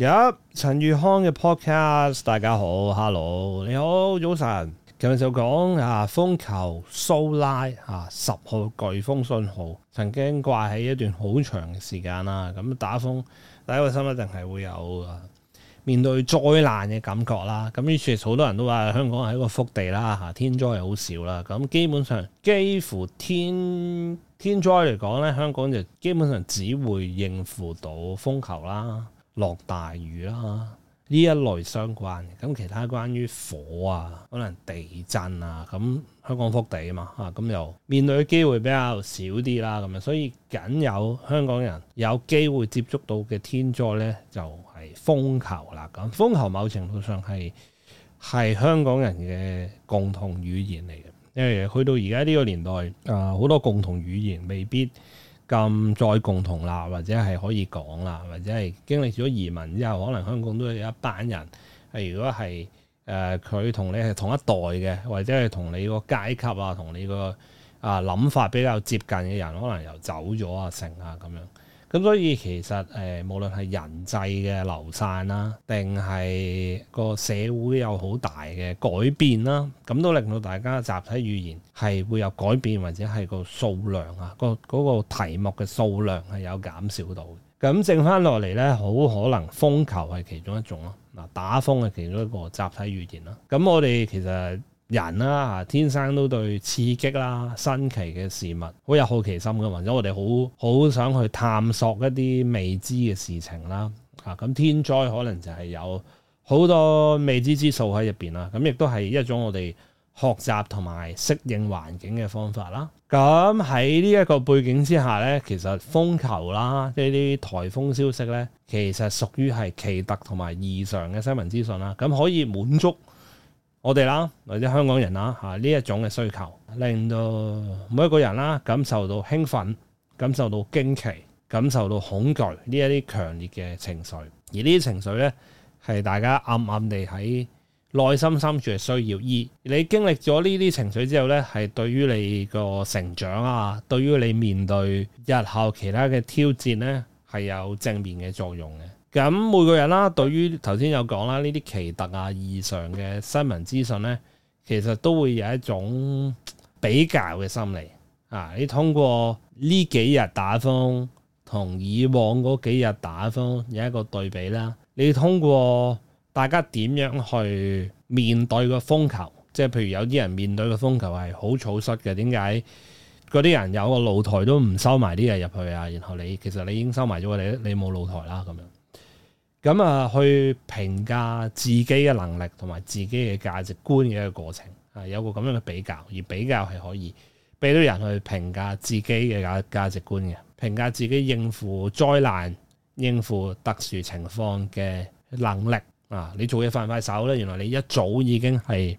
入陳宇康嘅 podcast，大家好，Hello，你好，早晨。今日就講啊，風球蘇拉啊，十號颶風信號，曾經掛喺一段好長嘅時間啦。咁、啊、打風，第一個心一定係會有、啊、面對災難嘅感覺啦。咁、啊、於是好多人都話香港係一個福地啦，吓、啊、天災又好少啦。咁、啊、基本上，幾乎天天災嚟講咧，香港就基本上只會應付到風球啦。啊落大雨啦，呢一類相關咁，其他關於火啊，可能地震啊，咁香港福地啊嘛，嚇咁又面對嘅機會比較少啲啦，咁樣所以僅有香港人有機會接觸到嘅天災呢，就係風球啦。咁風球某程度上係係香港人嘅共同語言嚟嘅，因為去到而家呢個年代，誒好多共同語言未必。咁再共同啦，或者係可以講啦，或者係經歷咗移民之後，可能香港都有一班人係如果係誒，佢、呃、同你係同一代嘅，或者係同你個階級啊、同你個啊諗法比較接近嘅人，可能又走咗啊、成啊咁樣。咁所以其實誒，無論係人際嘅流散啦，定係個社會有好大嘅改變啦，咁都令到大家集體語言係會有改變，或者係個數量啊，個、嗰個題目嘅數量係有減少到嘅。咁剩翻落嚟咧，好可能風球係其中一種咯，嗱，打風係其中一個集體語言啦。咁我哋其實～人啦，啊，天生都對刺激啦、新奇嘅事物好有好奇心嘅，或者我哋好好想去探索一啲未知嘅事情啦，啊，咁天災可能就係有好多未知之數喺入邊啦，咁亦都係一種我哋學習同埋適應環境嘅方法啦。咁喺呢一個背景之下呢，其實風球啦，即係呢啲颱風消息呢，其實屬於係奇特同埋異常嘅新聞資訊啦，咁可以滿足。我哋啦，或者香港人啦，嚇呢一種嘅需求，令到每一個人啦，感受到興奮，感受到驚奇，感受到恐懼呢一啲強烈嘅情緒，而呢啲情緒咧，係大家暗暗地喺內心深處嘅需要。而，你經歷咗呢啲情緒之後咧，係對於你個成長啊，對於你面對日後其他嘅挑戰咧，係有正面嘅作用嘅。咁每個人啦，對於頭先有講啦，呢啲奇特啊異常嘅新聞資訊呢，其實都會有一種比較嘅心理啊！你通過呢幾日打風同以往嗰幾日打風有一個對比啦，你通過大家點樣去面對個風球，即係譬如有啲人面對個風球係好草率嘅，點解嗰啲人有個露台都唔收埋啲嘢入去啊？然後你其實你已經收埋咗，你你冇露台啦咁樣。咁啊，去評價自己嘅能力同埋自己嘅價值觀嘅一個過程，啊，有個咁樣嘅比較，而比較係可以俾到人去評價自己嘅價價值觀嘅，評價自己應付災難、應付特殊情況嘅能力啊！你做嘢快唔快手咧？原來你一早已經係，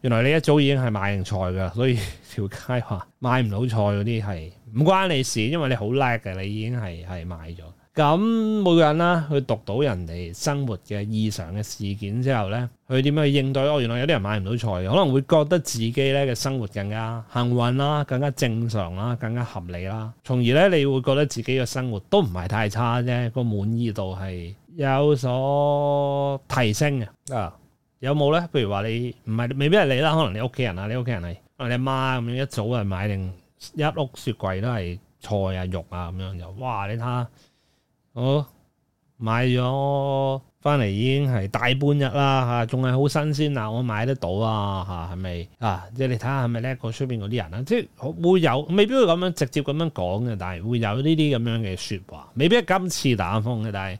原來你一早已經係買完菜嘅，所以條街話買唔到菜嗰啲係唔關你事，因為你好叻嘅，你已經係係買咗。咁每個人啦，去讀到人哋生活嘅異常嘅事件之後呢，去點樣去應對？我、哦、原來有啲人買唔到菜，可能會覺得自己呢嘅生活更加幸運啦，更加正常啦，更加合理啦，從而呢，你會覺得自己嘅生活都唔係太差啫，個滿意度係有所提升嘅。啊，uh, 有冇呢？譬如話你唔係未必係你啦，可能你屋企人啊，你屋企人係你媽咁樣一早就買定一屋雪櫃，都係菜啊肉啊咁樣，就哇，你睇下。我買咗翻嚟已經係大半日啦，吓，仲係好新鮮啊！我買得到啊，吓，係咪啊？即係你睇下係咪叻過出邊嗰啲人啦，即係會有未必會咁樣直接咁樣講嘅，但係會有呢啲咁樣嘅說話，未必係今次打風嘅，但係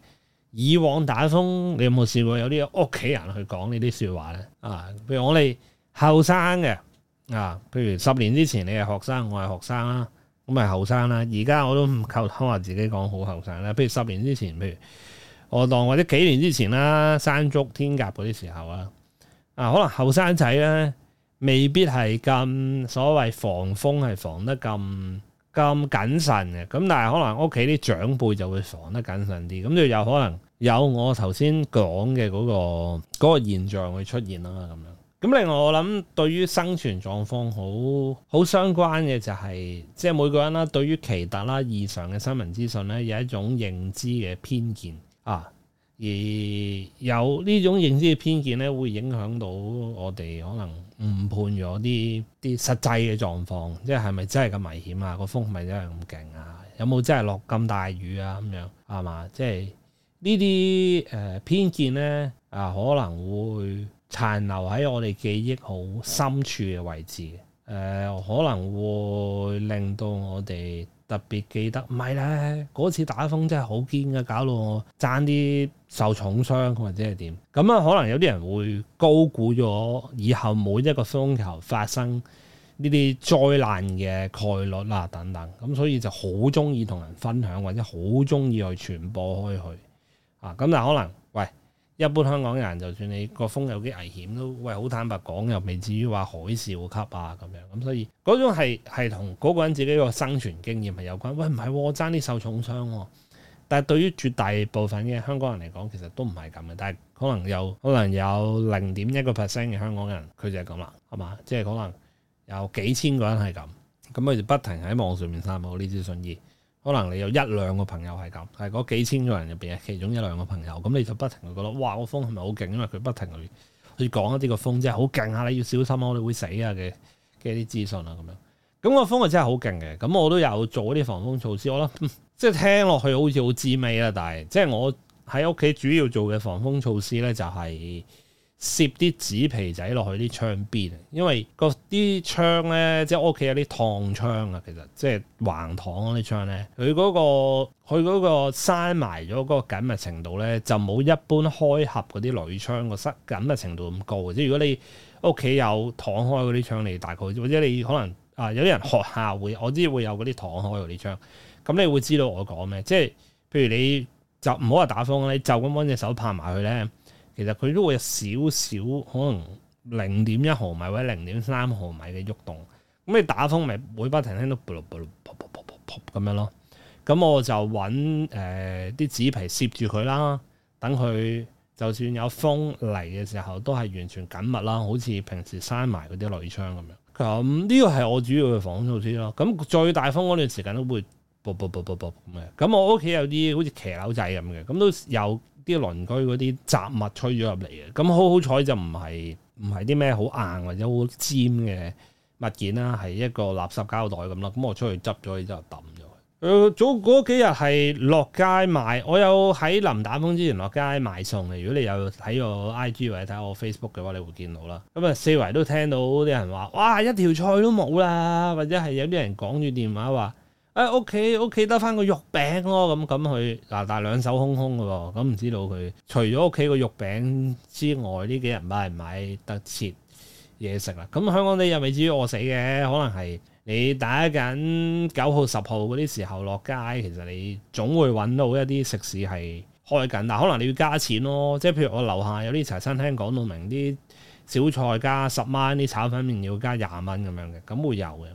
以往打風，你有冇試過有啲屋企人去講呢啲說話咧？啊，譬如我哋後生嘅啊，譬如十年之前你係學生，我係學生啦。咁咪後生啦，而家我都唔夠聽話自己講好後生啦。譬如十年之前，譬如我當或者幾年之前啦，山竹、天鴿嗰啲時候啦，啊，可能後生仔咧未必係咁所謂防風係防得咁咁謹慎嘅，咁但係可能屋企啲長輩就會防得謹慎啲，咁就有可能有我頭先講嘅嗰個嗰個現象會出現啦咁樣。咁另外我諗，對於生存狀況好好相關嘅就係即係每個人啦，對於奇特啦異常嘅新聞資訊咧，有一種認知嘅偏見啊，而有呢種認知嘅偏見咧，會影響到我哋可能誤判咗啲啲實際嘅狀況，即係係咪真係咁危險啊？個風係咪真係咁勁啊？有冇真係落咁大雨啊？咁樣係嘛？即係呢啲誒偏見呢，啊，可能會。殘留喺我哋記憶好深處嘅位置嘅、呃，可能會令到我哋特別記得，唔係咧，嗰次打風真係好堅嘅，搞到我爭啲受重傷或者係點，咁、嗯、啊可能有啲人會高估咗以後每一個風球發生呢啲災難嘅概率啦、啊、等等，咁、嗯、所以就好中意同人分享或者好中意去傳播開去，啊咁但可能。一般香港人，就算你個風有啲危險都，喂，好坦白講又未至於話海嘯級啊咁樣，咁、嗯、所以嗰種係同嗰個人自己個生存經驗係有關。喂，唔係，我爭啲受重傷、哦，但係對於絕大部分嘅香港人嚟講，其實都唔係咁嘅。但係可能有可能有零點一個 percent 嘅香港人，佢就係咁啦，係嘛？即係可能有幾千個人係咁，咁佢就不停喺網上面散佈呢啲信息。可能你有一兩個朋友係咁，係嗰幾千個人入邊，其中一兩個朋友，咁你就不停去覺得，哇！個風係咪好勁？因為佢不停去去講一啲個風，真係好勁下，你要小心啊！我哋會死啊嘅嘅啲資訊啊咁樣。咁個風係真係好勁嘅。咁我都有做一啲防風措施。我覺得、嗯、即係聽落去好似好滋味啦，但係即係我喺屋企主要做嘅防風措施咧，就係。攝啲紙皮仔落去啲窗邊，因為個啲窗咧，即係屋企有啲趟窗啊，其實即係橫躺嗰啲窗咧，佢嗰個佢嗰個閂埋咗嗰個緊密程度咧，就冇一般開合嗰啲鋁窗個塞緊密程度咁高。即係如果你屋企有躺開嗰啲窗，你大概或者你可能啊有啲人學校會，我知會有嗰啲躺開嗰啲窗，咁你會知道我講咩。即係譬如你就唔好話打風咧，你就咁揾隻手拍埋佢咧。其實佢都會有少少可能零點一毫米或者零點三毫米嘅喐動，咁你打風咪每班停停都噗嚕卟嚕咁樣咯。咁我就揾誒啲紙皮攝住佢啦，等佢就算有風嚟嘅時候都係完全緊密啦，好似平時閂埋嗰啲鋁窗咁樣。咁呢個係我主要嘅防風措施咯。咁最大風嗰段時間都會噗噗噗噗噗。咁咁我屋企有啲好似騎樓仔咁嘅，咁都有。啲鄰居嗰啲雜物吹咗入嚟嘅，咁好好彩就唔係唔係啲咩好硬或者好尖嘅物件啦，係一個垃圾膠袋咁啦，咁我出去執咗之後抌咗佢。誒、呃、早嗰幾日係落街買，我有喺臨打風之前落街買餸嘅。如果你有睇我 IG 或者睇我 Facebook 嘅話，你會見到啦。咁啊四圍都聽到啲人話：哇，一條菜都冇啦，或者係有啲人講住電話話。誒，屋企屋企得翻個肉餅咯，咁咁佢，嗱，但係兩手空空嘅喎，咁、嗯、唔知道佢除咗屋企個肉餅之外，呢幾日買唔買得切嘢食啦？咁、嗯、香港你又未至於餓死嘅，可能係你打緊九號十號嗰啲時候落街，其實你總會揾到一啲食肆係開緊，但可能你要加錢咯。即係譬如我樓下有啲茶餐廳講到明啲小菜加十蚊，啲炒粉麵要加廿蚊咁樣嘅，咁會有嘅。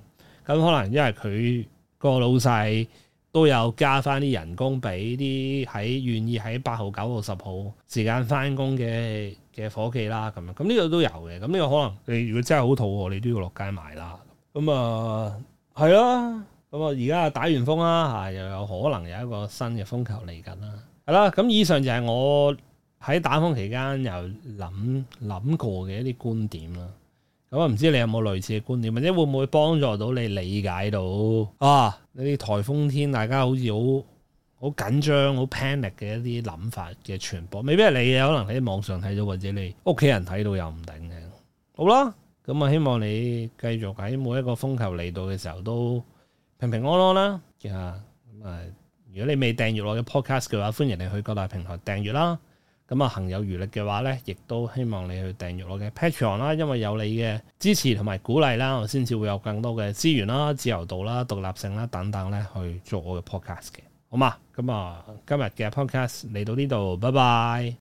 咁、嗯、可能因為佢。個老細都有加翻啲人工俾啲喺願意喺八號九號十號時間翻工嘅嘅夥計啦，咁樣咁呢個都有嘅。咁呢個可能你如果真係好肚餓，你都要落街買啦。咁、嗯、啊，係啊。咁啊，而家打完風啦、啊，又有可能有一個新嘅風球嚟緊啦。係、嗯、啦。咁以上就係我喺打風期間又諗諗過嘅一啲觀點啦。我唔知你有冇類似嘅觀念，或者會唔會幫助到你理解到啊？呢啲颱風天大家好似好好緊張、好 panic 嘅一啲諗法嘅傳播，未必係你嘅，可能你喺網上睇到，或者你屋企人睇到又唔定嘅。好啦，咁、嗯、啊，希望你繼續喺每一個風球嚟到嘅時候都平平安安啦。嚇咁啊！如果你未訂閱我嘅 podcast 嘅話，歡迎你去各大平台訂閱啦。咁啊，行有餘力嘅話咧，亦都希望你去訂閱我嘅 Patreon 啦，因為有你嘅支持同埋鼓勵啦，我先至會有更多嘅資源啦、自由度啦、獨立性啦等等咧，去做我嘅 podcast 嘅。好嘛，咁啊，今日嘅 podcast 嚟到呢度，拜拜。